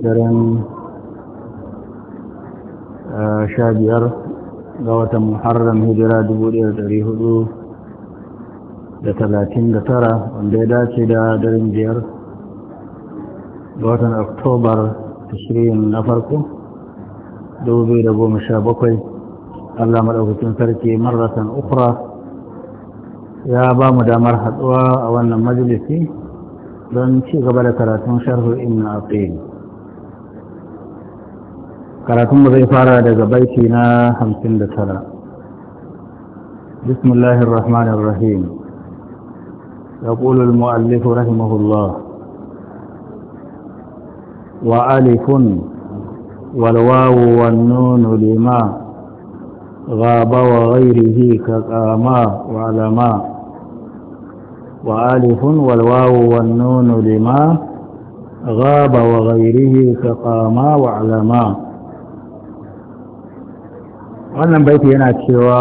daren ah, sha biyar ga watan muharram hijira dubu ɗaya da ɗari hudu da talatin da tara wanda ya dace da daren biyar ga watan oktobar tashirin na farko dubu biyu da goma sha bakwai allah maɗaukakin sarki marasan ukra ya ba mu damar haɗuwa a wannan majalisi don ci gaba da karatun sharhu a tsaye karatunmu zai fara daga baiti na hamsin da tara bismillahir rahmanir rahim يقول المؤلف رحمه الله وألف والواو والنون لما غاب وغيره كقاما وعلما وألف والواو والنون لما غاب وغيره كقاما وعلما wannan baiti yana cewa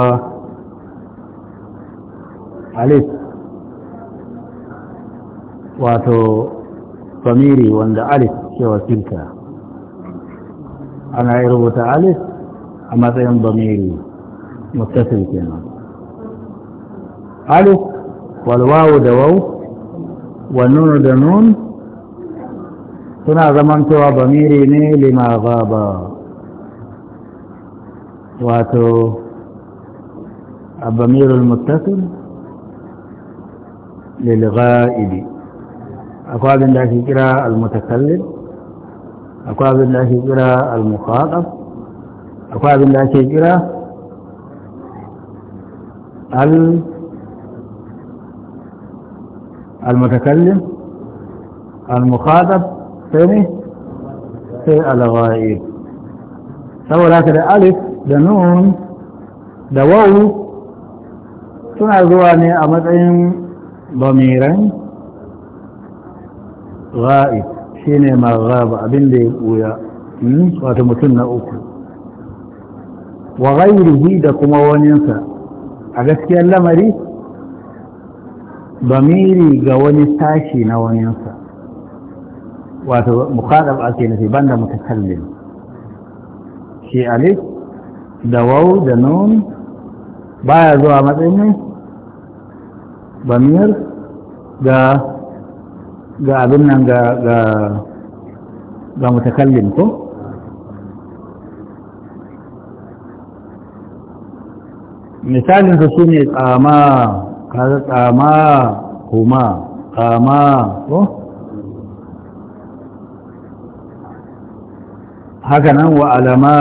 alif wato famiri wanda alif ke wakilta ana yi rubuta alif a matsayin bamiri mutasir kenan alif walwawu da wau wannan da nun suna zaman cewa bamiri ne lima ba واتو الضمير المتصل للغائب اقواب بن الله كرا المتكلم اقواب بن الله كرا المخاطب اقواب بن الله كرا المتكلم المخاطب ثاني في الغائب سوى لكن الألف da nun da wau suna zuwa ne a matsayin bamiran ra'i shi ne marraba da ya ɓuya hmm? wata mutum na uku wa ghairihi da kuma waninsa a gaskiyar lamari bamiri ga wani tashi na waninsa wato mukaɗar ake nufi banda mutakallin shi alif da wau da nun baya zuwa matsayin ne bamiyar ga ga abin nan ga ga ga mutakallim ko misalin su ne tsama kaza tsama kuma tsama ko haka nan wa alama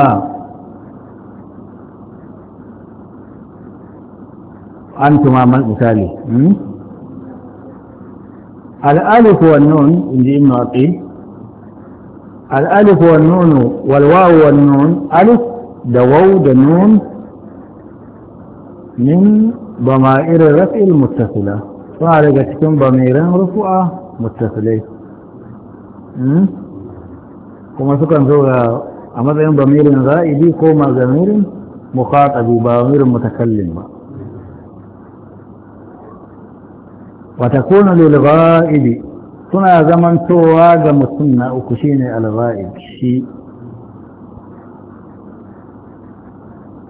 أنتما من man الألف والنون wa nun inji الألف والنون والواو والنون ألف دوو دنون من nun alif da waw da ضمائر الرفع المتصلة فعلى تكون ضميرا رفعة متصلة كما سكن زوجة أما ضمير غائبي كما ضمير مخاطب وضمير متكلم wata kuna lilga'ibi suna zamantowa ga mutum na uku shi ne alga'ib shi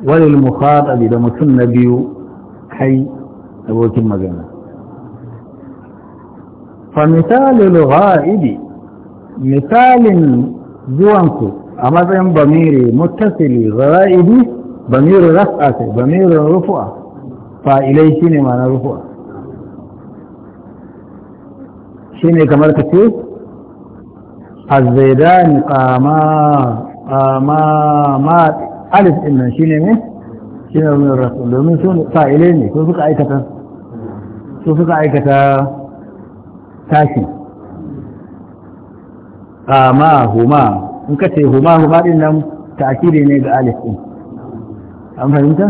walil mukhatabi da mutum na biyu kai abokin magana fa misali lilga'ibi misalin zuwanku a matsayin bamiri muttasili ga'ibi bamirin raf'a ce bamirin rufu'a fa'ilai shine ma na rufu'a Shi ne kamar ka ce azzaidan qama qama ma alif din nan shi ne shine rumin rasu domin su fa'ile ne su suka aikata su suka aikata tashi qama huma in ka ce huma huma din nan ta'kidi ne ga alif din an fahimta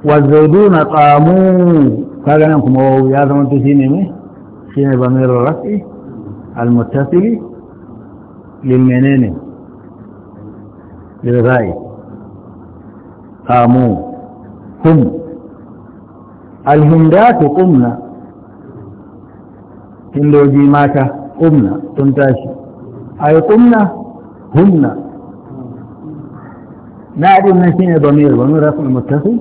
والزيدون قاموا فقال كما هو يا زمان تسيني سيني بامير الرأس المتصل للمنين للغاية قاموا هم الهندات قمنا هندو جيماكا قمنا تنتاشي أي قمنا هم نعلم من سين ضمير ضمير رفع المتصل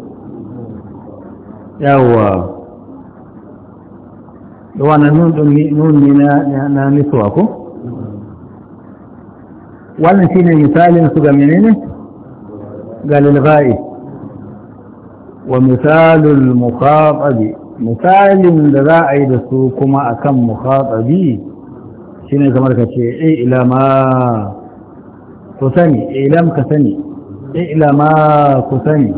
يا الله wannan nun ne na nisuwa ko wannan shine misalin su ga menene Galil lilga'i wa misalul mukhatabi misalin da za a yi da su kuma akan mukhatabi shine kamar ka ce eh ila ma ku sani ilam ka sani ila ma ku sani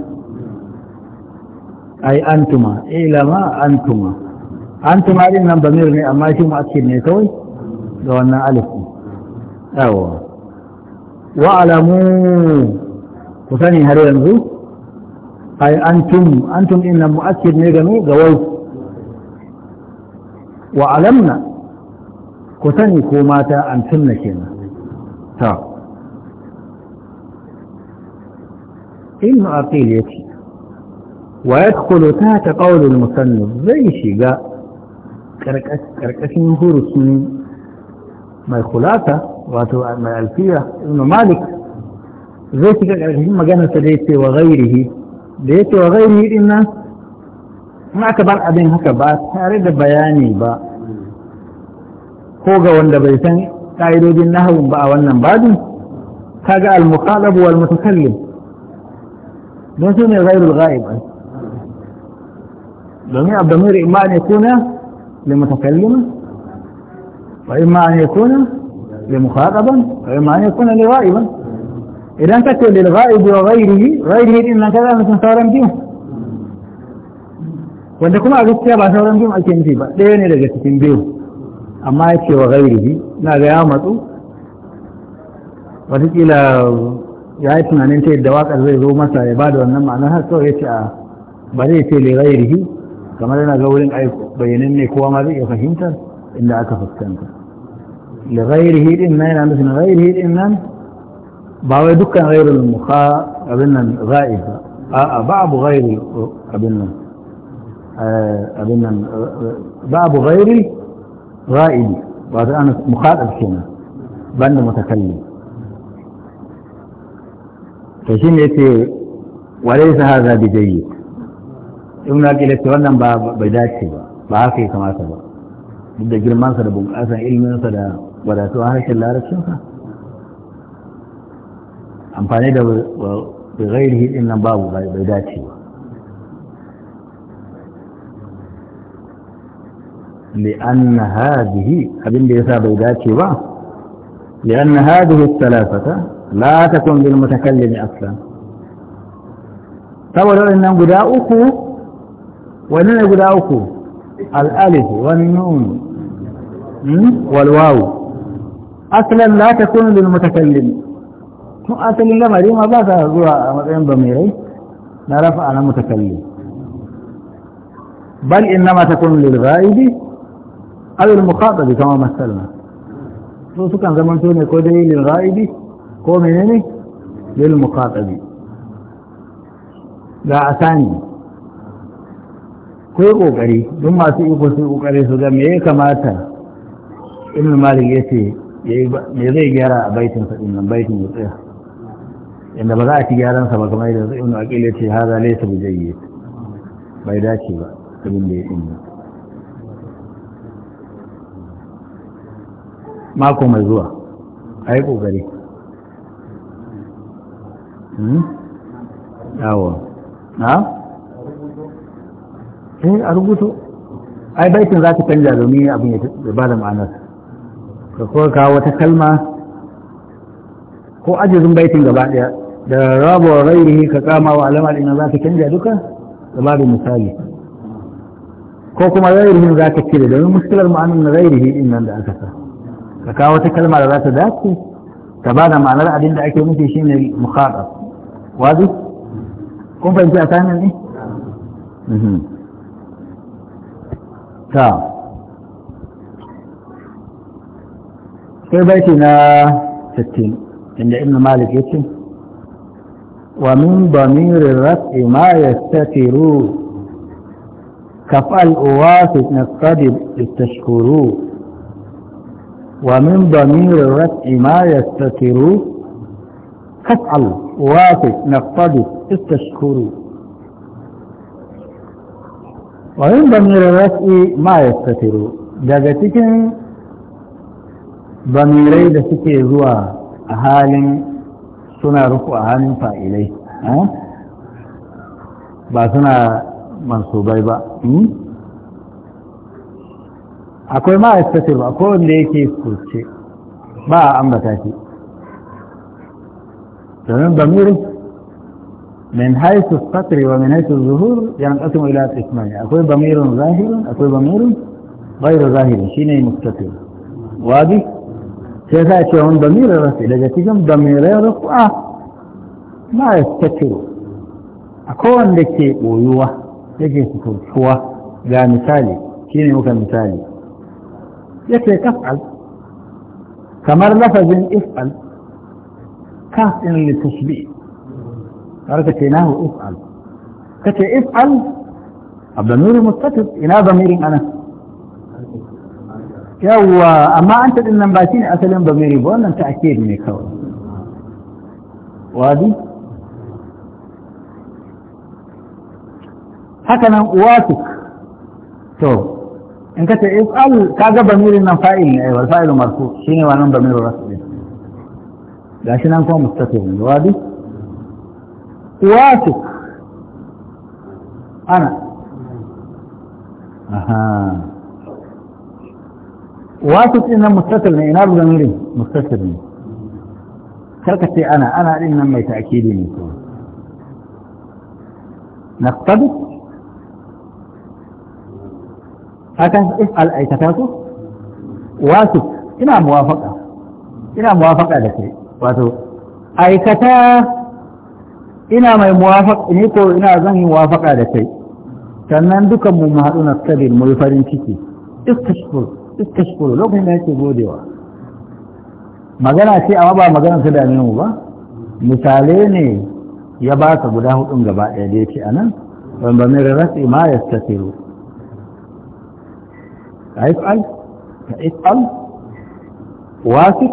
ai antuma ila ma antuma an tumarin nan bamir ne amma shi mu ake ne kawai da wannan alifi yawa wa alamu ku sani har yanzu ai antum antum din mu'akkid ne ga ga wau wa alamna ku sani ko mata antum na kenan ta ibn aqil yace ta qawl al المصنف zai shiga. karkashin hurusi mai kulata wato mai alfiya ibn malik zai shiga karkashin maganarsa da ya wa ghairihi da ya wa ghairihi din nan in aka bar abin haka ba tare da bayani ba ko ga wanda bai san ƙa'idodin nahawun ba a wannan babin kaga al-muqalab wal mutakallim don su ne ghairul ghaib domin abdamir imma kuna لمتكلمة وإما أن يكون لمخاطبا وإما أن يكون لغائبا إذا تكون للغائب وغيره غيره إما كذا مثل سورا بيه wanda kuma a gaskiya ba sauran biyu ake nufi ba ɗaya ne daga cikin biyu amma ya ce wa gairihi na ga ya matsu watakila ya yi tunanin ta yadda waƙar zai zo masa ya ba wannan ma'anar har kawai ya a ba zai ce le gairihi kamar yana ga wurin aiko bayanan ne kowa ma zai iya fahimta inda aka fuskanta da ghairihi din nan yana nufin ghairihi din nan ba wai dukkan ghairul mukha abin nan za'i ba a'a babu ghairul abin nan abin nan babu ghairul ra'idi wato ana mukhadab kenan banda mutakallim to shine yace walaysa hadha bijayyid ibn aqil ce wannan ba bai dace ba ba haka ya kamata ba duk da girmansa da bunƙasa ilminsa da wadatuwa harshen larabcinsa amfani da gairihi din nan babu bai dace ba لأن هذه أبن ليسا بيداتي با لأن هذه الثلاثة لا تكون بالمتكلم أصلا فولو إنهم قد uku. wani ne guda uku al'alif wani nun hmm? walwawu asalin la ta kuna da mutakallim tun asalin lamari ma ba ta zuwa a matsayin ba mai rai na rafa ala mutakallim bal innama kuna da gha'ibi aw lil da kama masalma. su sukan zaman to ne ko dai lil bi, ko menene lil muqatabi ga asani ko yi ƙoƙari don masu iko su ƙoƙari su ga me ya kamata ibn malik ya ce me zai gyara a baitin sa nan baitin ya tsaya inda ba za a ci gyaran sa ba kamar yadda ibn aqil ya ce za laisa bi jayyid bai dace ba abin da ya dinga mako mai zuwa a yi ƙoƙari hmm? yawo na eh a rubuto ai baitin za ka canja domin abin ya ba da ma'anar ka kuma kawo wata kalma ko ajizin baitin gaba daya da rabuwar rairi ka kama wa alamar ina za ka canja duka da ba da misali ko kuma rairihin za ka cire domin muskilar ma'anar na rairihi din nan da aka sa ka kawo wata kalma da za ta dace ta ba da ma'anar abin da ake nufi shine mukhadab wazi kun fahimci a sanin ne mhm. تا في بيتنا ستين عند ابن مالك يتي ومن ضمير الرفع ما يستتر كفال اواس نقتدب للتشكر ومن ضمير الرفع ما يستتر كفال اواس نقتدب للتشكر wayin bamirin ras'i ma ya daga cikin bamirai da suke zuwa a halin suna ruku a halin fa'ilai ba suna mansubai ba akwai ma ya ba ko wanda yake kurce ba a ambata shi domin bamirin من حيث السطر ومن حيث الظهور ينقسم إلى قسمين أكوي ضمير ظاهر أكوي ضمير غير ظاهر شيني مستتر واضح كيف يكون ضمير الرفع لجتكم ضمير رفع ما يستتر أكون لك ويوه يجي تكون ga لا مثالي muka misali مثالي يكي تفعل كمر لفظ افعل كاف ان لتشبيه ka ce nahu if'al ka ce if'al abdamirin mustatir ina bamirin ana yawwa amma an taɗin nan ba shi ne asalin zamiri ba wannan ta ake ne kawai wadi haka nan uwatuk to in ka ce if'al ga bamirin nan fa'il ne wal fa'ilu marfu shine wannan bamirin ne? rasul shi nan kuma mustatir ne wadi wasu ana wasu tsinan mustasar ne ina ruzan rin mustasar ne karkace ana ana rin nan mai ta'akidi ne kuma naftadu hakan if'al aikata ku wasu ina muwafaka ina da ke wato aikata ina mai muwafaka ni ko ina zan yi muwafaka da kai sannan dukan mu haɗu na sabir mu yi farin ciki istashkuru lokacin da yake godewa magana ce amma ba magana ta dame mu ba misale ne ya ba ka guda hudun gaba ɗaya da yake anan ban ba mai rarrafi ma ya stafiru a if'al a if'al wasik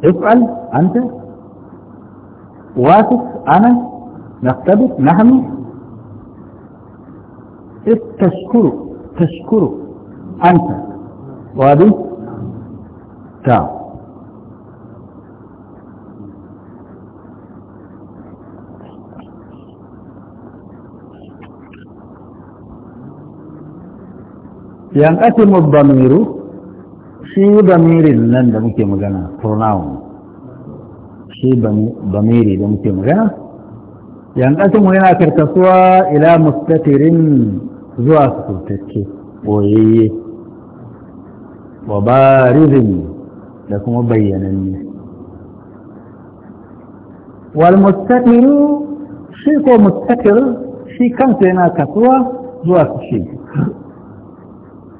if'al anta واقف انا نقتبس نحمي تشكره تشكره انت وادي تعال ينقسم الضمير في ضمير لن نمكن مجانا pronoun shi bamiri da muke magana yan mu yana karkasuwa ila mustatirin zuwa sutacce boyayye wa barizin da kuma bayyananne wal mustatiru shi ko mustatir shi kansa yana kasuwa zuwa shi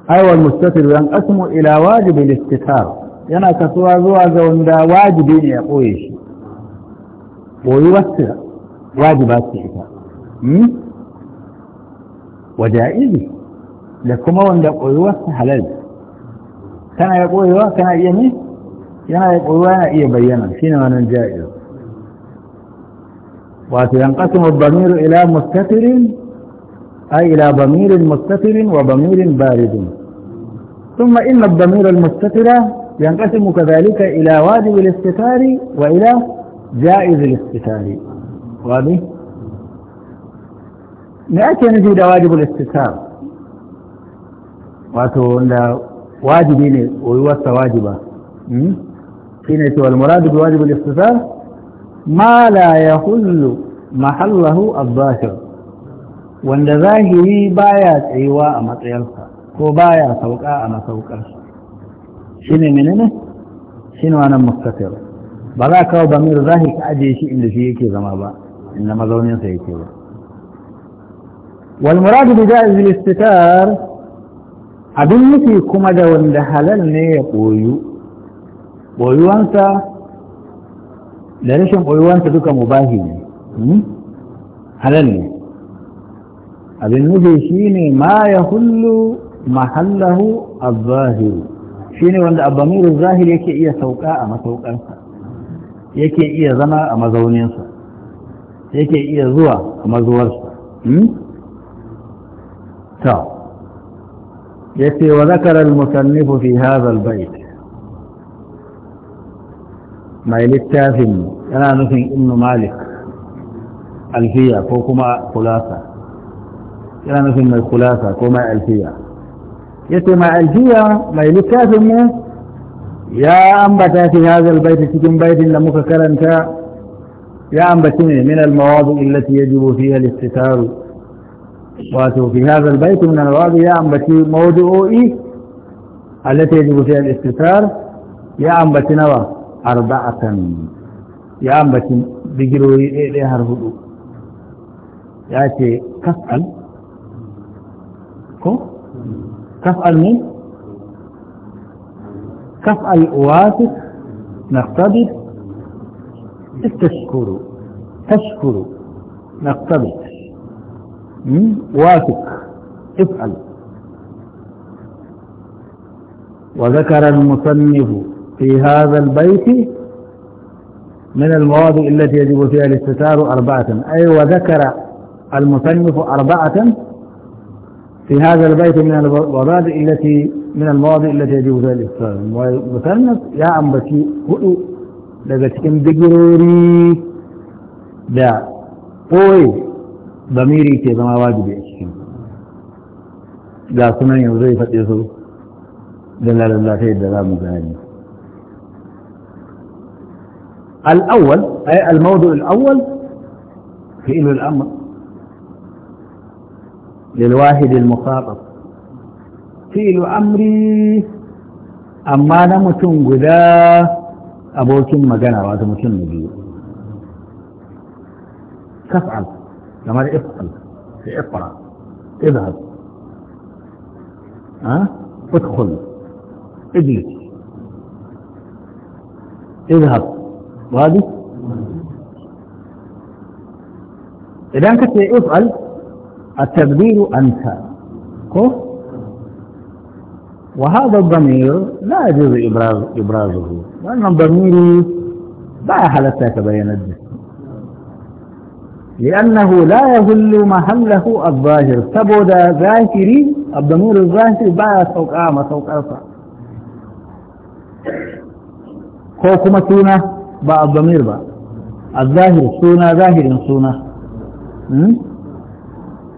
aiwal mustatir yan qasmu ila wajibin istitar yana kasuwa zuwa ga wanda wajibi ne ya koye shi ويوسع واجبات العتاء وجائزه لكم وان يوسر حلال كان يقول يوسر كان يمين إيه؟ كان يقول وانا ايه بيانا فينا وانا جائز ينقسم الضمير الى مستتر اي الى ضمير مستتر وضمير بارد ثم ان الضمير المستتر ينقسم كذلك الى واجب الاستتار والى جائز الاستتار واضح me ake nufi da wajibul istitar wato wanda wajibi ne wasa wajiba shi ne cewa al-muradu bi wajibul istitar ma la yahullu mahallahu al-zahir wanda zahiri baya tsayuwa a matsayarsa ko baya sauka a masaukarsa menene ba za a kawo bamir zahir ka ajiye shi inda shi yake zama ba inda mazauninsa yake ba والمراد بجائز الاستتار abin nufi kuma da wanda halal ne ya ɓoyu ɓoyuwansa da rashin ɓoyuwansa duka mubahi ne hmm? halal ne abin nufi shi ne ma ya hullu mahallahu azahiru shi ne wanda abamiru zahiri yake iya sauka a masaukansa yake iya zama a mazauninsa yake iya zuwa a mazuwarsa hmm? ta ya ce wa zakarar musannifu fi hazal bait mai littafin yana nufin ibnu malik alfiya ko kuma kulasa yana nufin mai kulasa ko mai alfiya ya ce mai alfiya mai littafin mu يا أنبت في هذا البيت سكن بيت لمك كرنك يا أنبتني من المواضع التي يجب فيها الاستثار واتو في هذا البيت من المواضع يا أنبتني موضعي التي يجب فيها الاستثار يا أنبتنا أربعة يا أنبتن بجروي إليها الهدوء يا تي كفأل كو كفأل مين كفأل أواسك نقتبض استشكر تشكر نقتبض واثق افعل وذكر المصنف في هذا البيت من المواضع التي يجب فيها الاستتار أربعة أي وذكر المصنف أربعة في هذا البيت من المبادئ التي من المواضع التي يجب ذلك المثنى يا عم بكي قلو لذلك ان بقروري دا قوي ضميري كي ما واجب يشكين دا سنين وزيفة يسو دلال الله خير دلال مزاني الأول أي الموضوع الأول في إله الأمر للواحد المخاطب فيل أمري أما نمتن أبو أبوكم مجانا متون نبي تفعل كما افعل في اقرأ اذهب ها أه؟ ادخل اجلس اذهب واضح إذا كنت افعل التبديل أنت كف وهذا الضمير لا يجوز إبراز إبرازه لأن الضمير لا حالته تبين الجسم لأنه لا يظل محله الظاهر تبدا ظاهري الضمير الظاهر باع فوق اعمى فوق أرفع كوكما suna باع الضمير باع الظاهر zahir ظاهر zahirin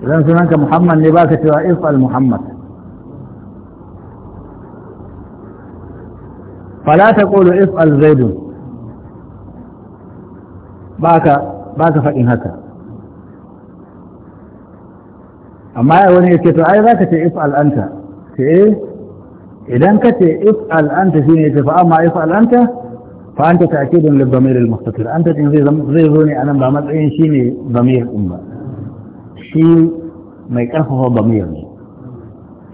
idan sunanka muhammad ne baka cewa ifal muhammad fala ta kolo ifal zaidun baka baka faɗin haka amma ya wani yake to ai baka ka ce ifal anta ce eh, idan ka ce ifal anta shi ne tafi amma ifal anta fa anta ta'kidun lil damir al an anta din zai zo ne nan ba matsayin shine damir din ba shi mai ƙarfafa bamir ne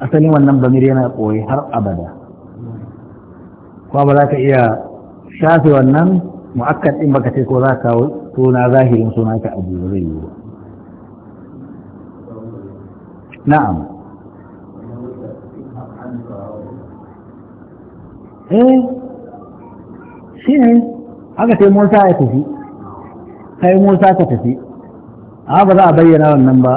asalin wannan bamir yana koyi har abada kuma ba za ka iya shafe wannan mu'akkad ɗin baka ce ko za ka suna zahirin suna ka abu zai yi na'am eh shi ne haka sai musa ya tafi sai musa ka tafi ba za a bayyana wannan ba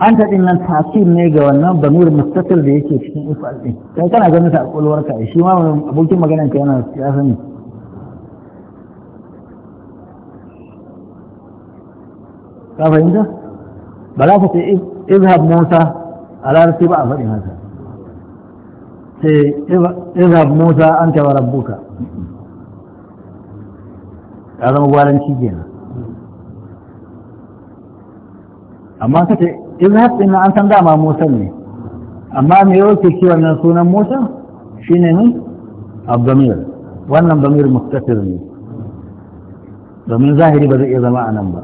an ta nan tasir ne ga wannan banur mustaqil da yake cikin ifal din kai kana ganin ta kulwar ka shi ma abokin maganar ka yana ya sani ka fahimta ba za ka ce izhab musa a larabci ba a faɗi haka sai izhab musa an ta wa rabbuka ka zama gwaranci kenan amma ka ce izhab na an san dama Musa ne amma me ke ci wannan sunan Musa shi ne abdamir wannan damir mustatir ne domin zahiri ba zai iya zama a nan ba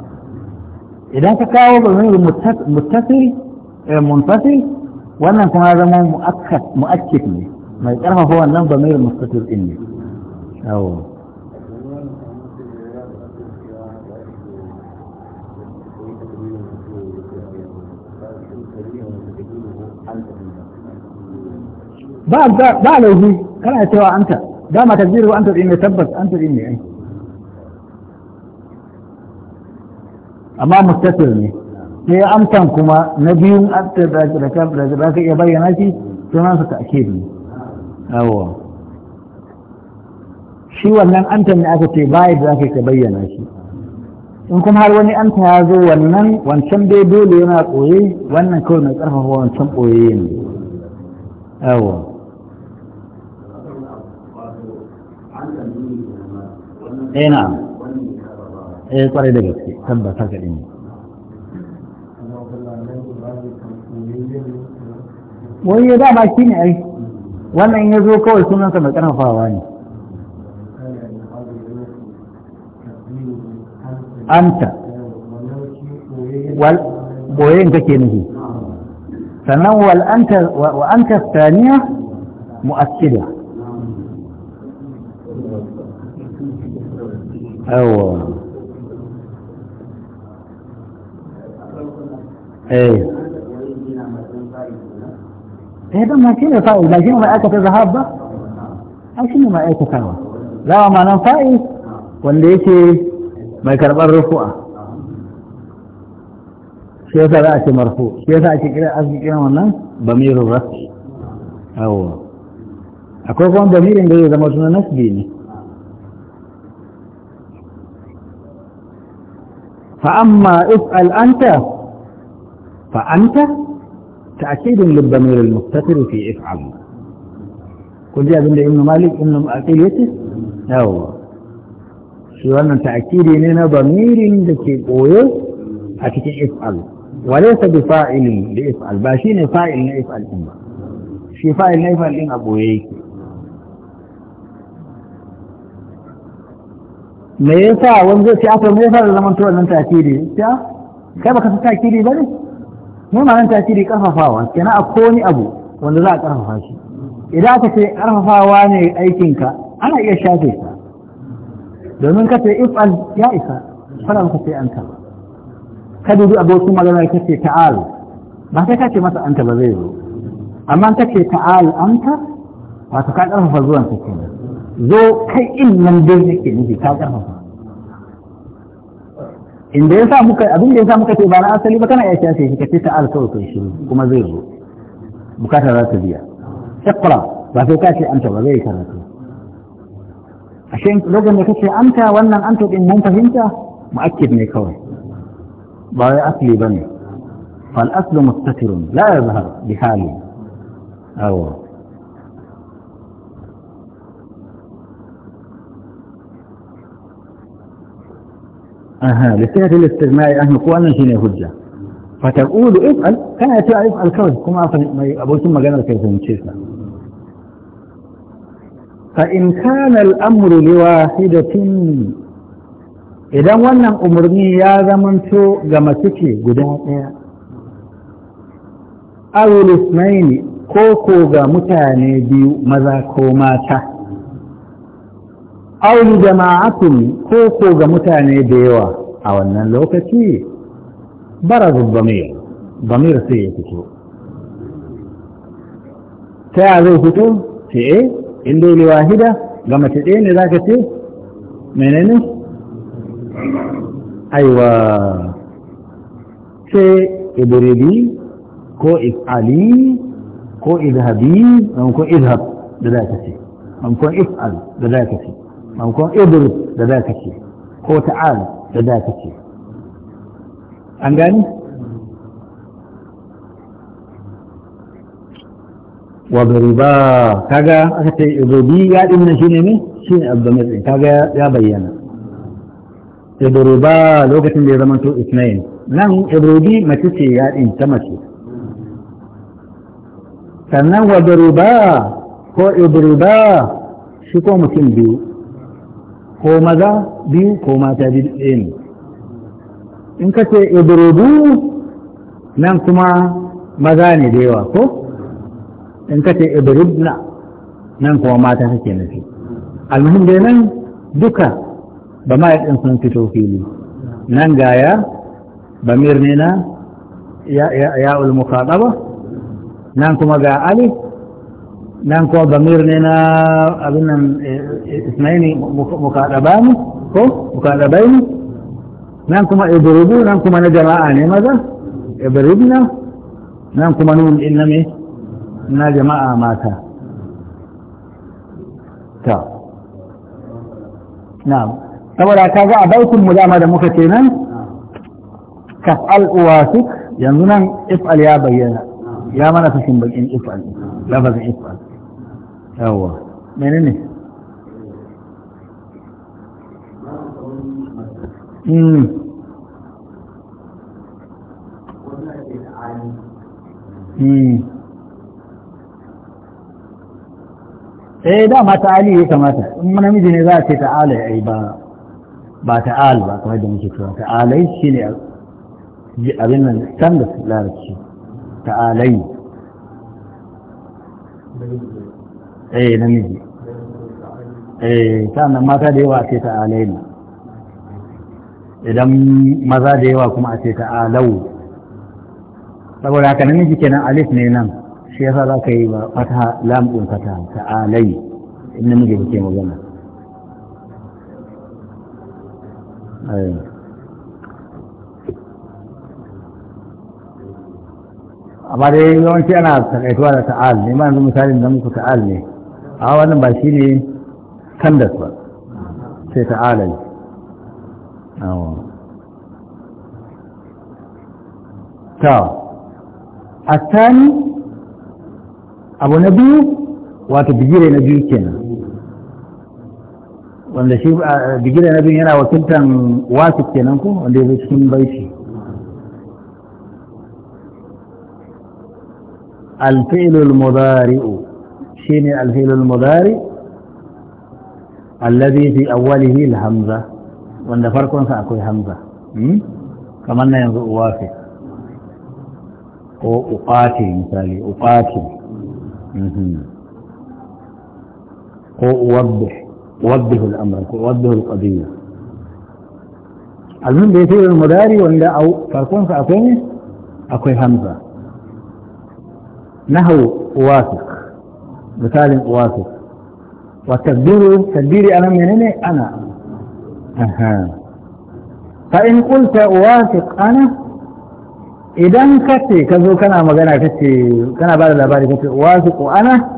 idan ka kawo damir muttasil eh, munfasil wannan kuma zama mu'akkat ne mai karfafa wannan damir mustatir ɗin ne yawo ba ba laifi kana cewa anta dama takdiru anta din ne tabbas anta din ne ai amma mustatir ne sai amsan kuma na biyun anta da ka da ka iya bayyana shi sunan sa ake ne yawa shi wannan anta ne aka ce bai da ka bayyana shi in kuma har wani anta ya zo wannan wancan dai dole yana koye wannan kawai na karfafa wancan koye ne yawa eh na eh kwarai da gaske tabbata ga din wai ya eh, dama shi ne ai wannan ya zo kawai sunan sa mai karfafawa ne anta wal boyen kake nufi sannan wal anta wa anta thaniya mu'akkida yawa eh eh dan ma shine fa'il ba shine ma'aikata zahab ba ai shine ma'aikatawa zawa ma nan fa'il wanda yake mai karɓar rufu'a shi yasa za a ce marfu shi yasa ake kira arziki kiran wannan bamirin rafi yawa akwai kuma bamirin da zai zama suna nasbi ne فأما اسأل أنت فأنت تأكيد للضمير المستقر في افعل قل جاء بندي ابن مالك ابن مأكيد يتس هو سيوانا تأكيدي لنا ضمير لكي قويل أكيد افعل وليس بفاعل لإفعل باشين فاعل لإفعل إما شي فاعل لإفعل إما أبويكي me yasa wani zai ce aka ah, me yasa da zaman to wannan takiri ya kai baka san takiri bane mu ma nan takiri karfafawa kenan a koni abu wanda za a karfafa shi idan aka ce karfafawa ne aikinka ana iya shafe ka domin ka ce if'al ya isa fara ka ce anta ka dubi abokin magana ka ce ta'al ba sai ka ce masa anta ba zai zo amma ka ce ta'al anta wato ka karfafa zuwan ka kenan zo kai in nan dai yake nufi ka karfafa inda ya sa muka abin da ya sa muka ce ba na asali ba kana iya kyashe shi kace ta alkawar kai shi kuma zai zo bukata za ta biya iqra ba sai ka ce anta ba zai karatu a ashe lokacin da kace anta wannan anta din mun fahimta mu'akkid ne kawai ba wai asli bane fal aslu mustatirun la yazhar bi hali awo. aha da sai ta listigna ya ahmi ko wannan shine hujja fa taqulu if'al kana ta if'al kawai kuma mai abokin maganar kai fahimce sa fa in kana al-amru liwahidatin idan wannan umarni ya zamanto ga mace guda ɗaya awul ismaili ko ko ga mutane biyu maza ko mata auli jama'atun ko ko ga mutane da yawa a wannan lokaci Bara damir damir sai ya fito ta ya zai fito ce e in dai wahida ga mace ɗaya ne ka ce menene aiwa ce ibiridi ko if'ali ko idhabi ko izhab da za ka ce ko if'al da za ka ce mankon idris da za ka ce ko ta'al da za ka ce an gani wadariba kaga aka ce idobi ya ɗin shi ne ne shi ne kaga ya bayyana ba lokacin da ya zama to isnayin nan idrubi mace ce ya ɗin ta mace sannan wadruba ko idruba shi ko mutum biyu ko maza biyu ko mata biyu ɗaya ne in ka ce idrubu nan kuma maza ne da yawa ko in ka ce idrubna nan kuma mata kake nufi almuhim dai nan duka ba ma yi sun fito fili nan gaya ba mirnina ya ulmuka ba nan kuma ga alif nan ko bamir ne na abin nan eh, eh, ismaili mukaɗaba ne ko mukaɗabai ne nan kuma ibrubu nan kuma na jama'a ne maza ibrubna nan kuma nun inna na me na jama'a mata ta na saboda ka ga a baitin mu dama da muka ce nan kaf'al uwasik yanzu nan if'al ya bayyana ya mana fashin bakin if'al lafazin if'al yawa mene ne hmm. hmm. eh dama ta'ali ya kamata in namiji ne za a ce ta'ala ya yi ba ba ta'al ba kamar da muke cewa ta'alai shi ne abin nan standard larabci ta'alai eh namiji eh sannan mata da yawa a ce ta alaini idan maza da yawa kuma a ce ta alau saboda haka namiji kenan alif ne nan shi yasa za ka yi ba fata lam din fata ta alai in namiji kake magana eh. amma dai yawanci ana takaituwa da ta'al ne ma yanzu misalin da muku ta'al ne a wannan ba shi ne kandas ba sai ta alayi ta a tani abu na biyu wato bigire na biyu kenan wanda shi bigire na biyu yana wakiltan wasu kenan ko wanda ya zo cikin baiti alfi'ilul mudari'u شيني الفيل المضاري الذي في أوله الهمزة وأن فرق سأكون همزة كمان ينظر أوافي أقاتل مثالي أقاتل أوضح أوضح الأمر أوضح القضية المهم بيصير المضاري ولا أو فرقون فأكون أكوي همزة نهو واثق مثال واثق وتدبير تدبيري أنا منين أنا أها فإن قلت أوافق أنا إذا كتي كذو كان مغانا كتي كان بعد الأباري كتي أوافق أنا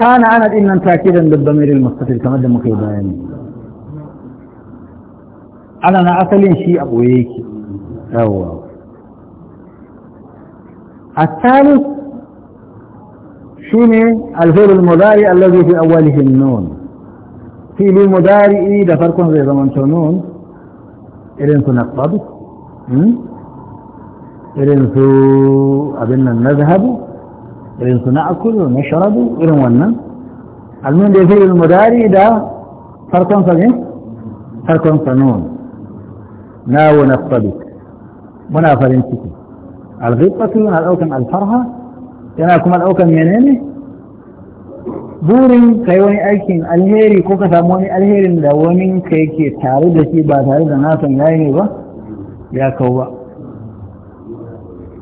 كان أنا إن تأكيدا بالضمير المستقل كما دم كيبان يعني. أنا أنا اصلي شيء أبويك أوه الثالث شنو الفعل المضارع الذي في أوله النون في مضارع إذا فرق زي زمن شنون إذن سنقبض إذن سو أبنا نذهب إذن سنأكل ونشرب إذن ونن المهم دي فعل المضارع ده فرق زي إيه؟ فرق نون ناو نقبض منافر farin ciki الأوكم الفرحة yana kuma ɗaukan menene burin ka yi wani aikin alheri ko ka samu wani alherin da wani ka yake tare da shi ba tare da nasan ya yi ba ya kau ba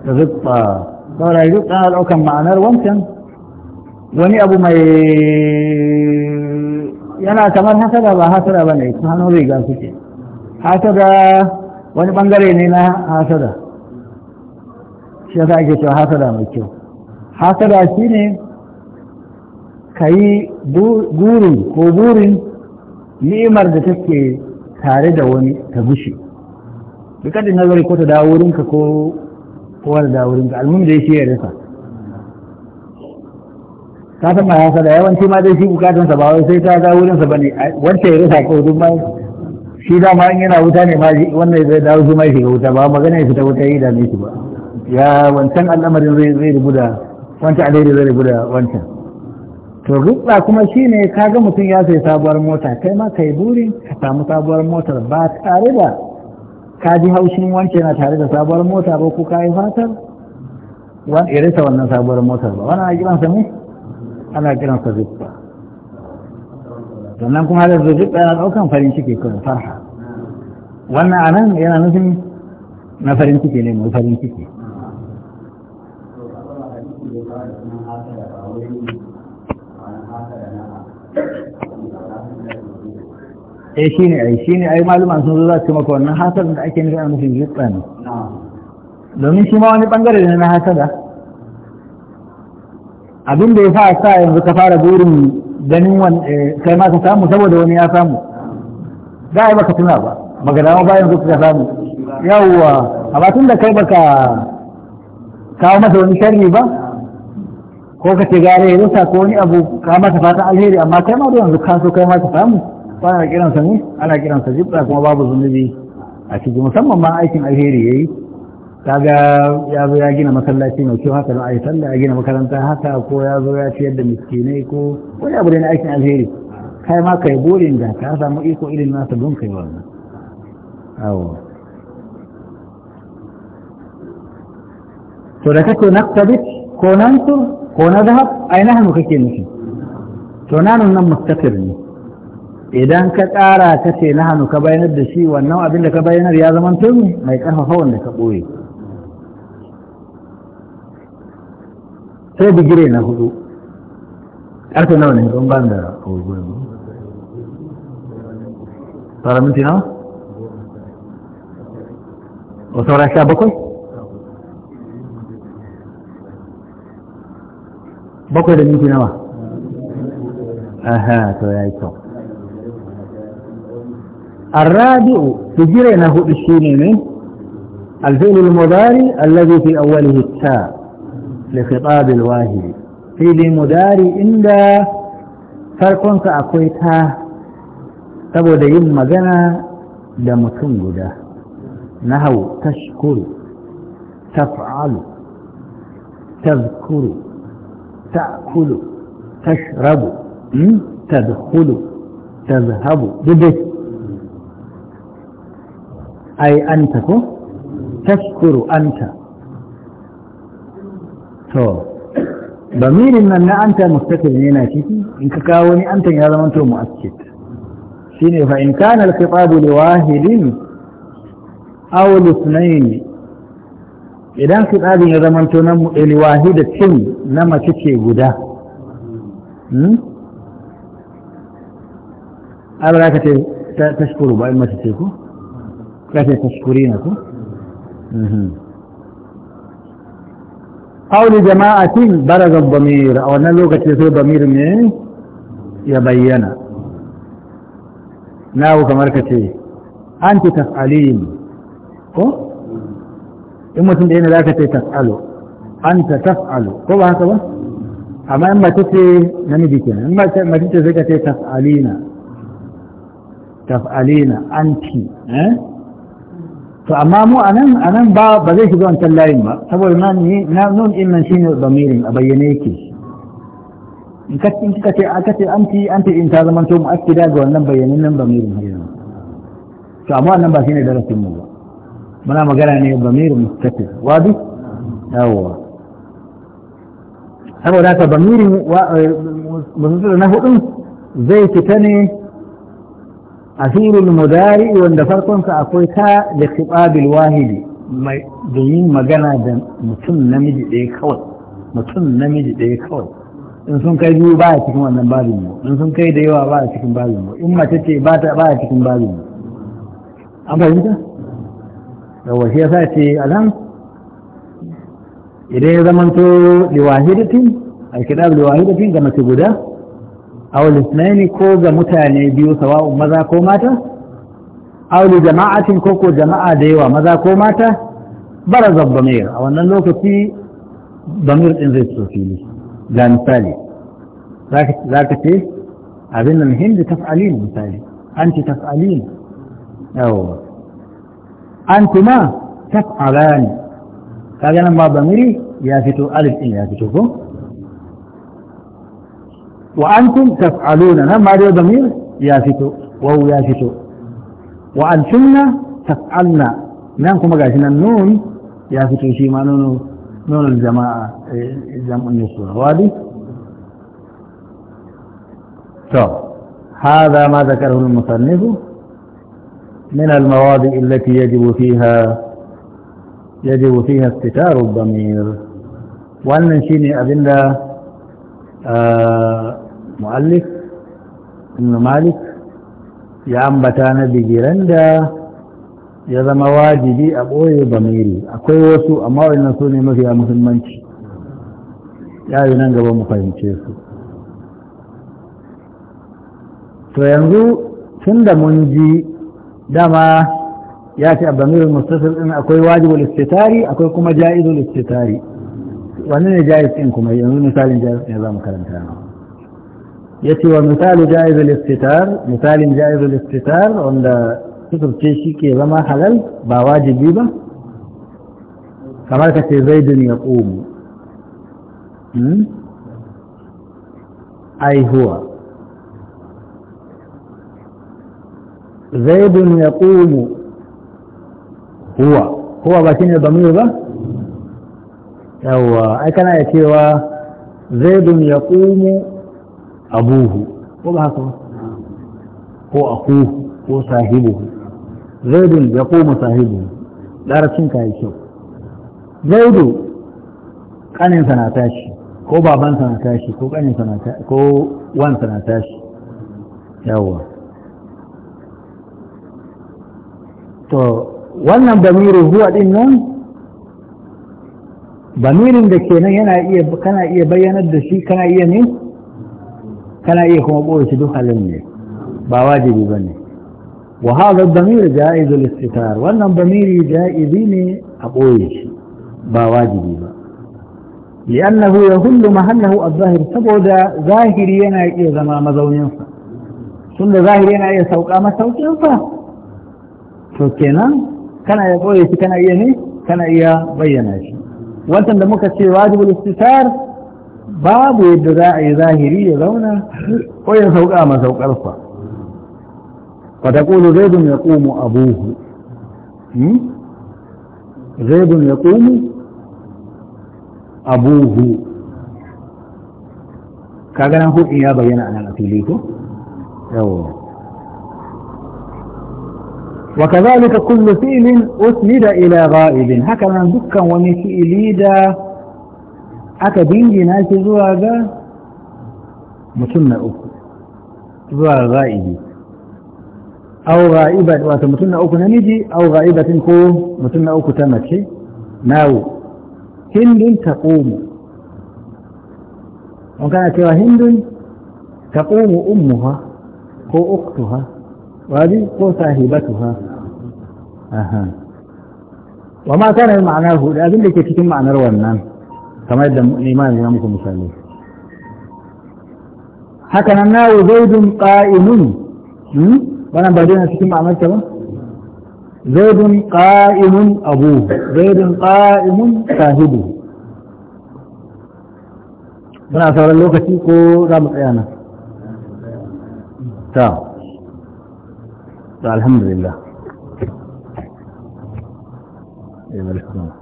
rikpa saura rikpa na ɗaukan ma'anar wancan wani abu mai yana kamar hasada ba hasada ba ne su hannun riga suke hasada wani bangare ne na hasada shi yasa ake cewa hasada mai kyau hasada shine ka yi guri ko burin ni'imar da take tare da wani ta gushe duka da nazari ko ta dawo wurinka ko kowar da wurinka almuhim da ya shi ya rasa Ta san mai hasada yawanci ma dai shi sa ba wai sai ta dawo wurinsa ba ne wancan ya rasa ko duk ma shi dama in yana wuta ne ma wannan zai dawo shi ma shiga wuta ba magana ya fita wuta ya yi dame shi ba ya wancan al'amarin zai rubu da wancan a daidai zai guda wancan to rubba kuma shi ka kaga mutum ya sai sabuwar mota kai ma kai buri ka samu sabuwar motar ba tare da ka ji haushin wancan na tare da sabuwar mota ba ko ka fatar wani irisa wannan sabuwar motar ba wani ana kiransa ne ana sa rubba sannan kuma da rubba yana daukan farin ciki kuma farha wannan anan yana nufin na farin ciki ne mai farin ciki E eh, shi ne ai shi ne ai maluma sun zo za su maka wannan hasada da ake nufi a nufin gitsa ne domin shi ma wani bangare ne na hasada abin da ya fa sa yanzu ka fara burin ganin eh, kai ma ka samu saboda wani ya samu Da ai yi baka tuna ba baka dama ba yanzu ka samu yawwa a batun da kai baka kawo masa wani sharri ba ko ka ce gare ya rusa ko wani abu ka masa fatan alheri amma kai ma da yanzu ka so kai ma ka samu Ana kiransa ne ana kiransa jibra kuma babu zunubi a ciki musamman ma aikin alheri ya yi. kaga ya zo ya gina masallaci mai kyau haka don a yi sallah ya gina makaranta haka ko ya zo ya ciyar da miskinai ko wani abu da na aikin alheri kai ma kai burin da ka samu iko irin nasa don kai wannan awo to da kake naktabit ko nansur ko na zahab ainihin nahnu kake nufi to nanun nan mustaqir ne idan ka ƙara ka ce na hannu ka bayanar da shi wannan abin da ka bayanar ya zama tun mai ƙarfafa wanda ka ɓoye sai bigire na hudu ƙarfe nawa ne don ban da ƙogon tsara minti nawa? o saura sha bakwai? bakwai da minti nawa? aha to ya yi kyau الرابع تجرنا هؤلاء الشينين الفيل المداري الذي في أوله التاء لخطاب الواهي في مداري عند فالكون كأقويتها تبو دين مغنى دمتنجده نهو تشكر تفعل تذكر تأكل تشرب تدخل تذهب ببت ai anta ko tashkuru anta to damirin nan na anta mustaqil ne na ciki in ka kawo ni Anta ya zama to mu'akkid shine fa in kana al-khitab li wahidin aw li ithnayn idan khitabin ya zama to nan mu li wahidatin na mace ce guda Allah ka ce tashkuru ba in mace ce ko kace tashkurina ku قول جماعة برز الضمير أو أن لغة يسوي ضمير من يبين ناو كمركتي أنت تفعلين ko in mutum da yana za ka ce taf'alu an ta ko ba haka ba amma in mace ce namiji kenan in mace ce sai ka ce taf'alina taf'alina anti eh to amma mu a nan ba ba zai shiga wancan layin ba saboda nan ne na nun din nan shine bamirin a bayyane yake in ka in ka ce aka ce anti anti in ta zaman to mu akida ga wannan bayyanin nan damirin har yanzu to amma nan ba shine darasin mu ba muna magana ne damirin mustatir wadi yawwa saboda haka damirin eh, mustatir na hudun zai fita ne أثير المداري wanda farkonsa akwai ta da kibabil wahidi domin magana da mutum namiji ɗaya kawai mutum namiji kawai in sun kai biyu baya cikin wannan babin mu in sun kai da yawa baya a cikin babin mu in mace ce ba baya cikin babin mu an fahimta yawa shi yasa ce alam idan ya zamanto liwahidatin liwahidatin ga mace guda أو الاثنين كوزة متانة بيو سواء ماذا كوماتا أو لجماعة كوكو جماعة ديوة ماذا كوماتا برز الضمير أو أن اللوك في ضمير انزيستو فيه لا مثالي ذاك في أبنى مهم لتفعلين مثالي أنت تفعلين أو أنتما تفعلان فأنا ما ضميري يافتو ألف إن يافتوكم وأنتم تفعلون نعم هذا ضمير يافتو وهو يافتو وأنتمنا تفعلنا كما قاعدين النون يافتو شيء ما نون نون الجماعة جمع النسوة وهذه هذا ما ذكره المصنف من المواضع التي يجب فيها يجب فيها استتار الضمير وأن نشيني أبن آه، mu'allif ibn malik ya ambata na bigiran da ya zama wajibi a ɓoye bamiri akwai wasu amma wannan su ne mafiya muhimmanci ya yi nan gaba mu fahimce su to yanzu tun da mun ji dama ya ce a bamirin mustasar ɗin akwai wajibul istitari akwai kuma ja'izul istitari wani ne ja'iz ɗin kuma yanzu misalin ja'iz ɗin ya za mu karanta nawa ya ce wa misali ja'izul istitar misalin ja'izul istitar wanda suturce shi ke zama halal ba wajibi ba kamar ka ce zaidun ya ƙomu hmm? aihuwa zaidun ya ƙomu huwa huwa ba shi ne damir ba yawwa ai kana ya cewa zaidun ya ƙomu abuhu ko ba haka ko akuhu ko sahibuhu zaidun ya koma sahibuhu larabcin ka yi kyau zaidu kaninsa na tashi ko babansa na tashi ko kaninsa na tashi ko wansa na tashi yawwa to wannan bamirin huwa din nan bamirin da ke nan iya kana iya bayyanar da shi kana iya ne kana iya kuma ɓoye duk halin ne ba wajibi ba ne wa hada damir ja'iz al wannan damiri ja'izi ne a ɓoye shi ba wajibi ba li'annahu yahullu mahallahu az-zahir saboda zahiri yana iya zama mazaunin tunda zahiri yana iya sauka masaukin sa to kenan kana iya ɓoye shi kana iya ne kana iya bayyana shi wannan da muka ce wajibul istitar babu yadda za a yi zahiri ya zauna ko ya sauka ta kulu zaidun ya ƙomu abuhu hmm? zaidun ya ƙomu abuhu kaga nan hukun ya bayyana a nan a fili ko yawo filin? كل فعل أسند Haka nan dukkan wani fi'li da aka dingina shi zuwa ga mutum na uku zuwa ra'ibi au ra'ibat wato mutum na uku namiji au ra'ibatin ko mutum na uku ta mace nawo hindun taqumu an kana cewa hindun taqumu ummuha ko uktuha wadi ko sahibatuha aha wa ma kana ma'anahu da abin da ke cikin ma'anar wannan kamar da imam ya muku misali haka nan na zaidun qa'imun hmm? wannan ba dai cikin ma'amarta ba zaidun qa'imun abu zaidun sahibu muna sauran lokaci ko za mu tsaya na ta alhamdulillah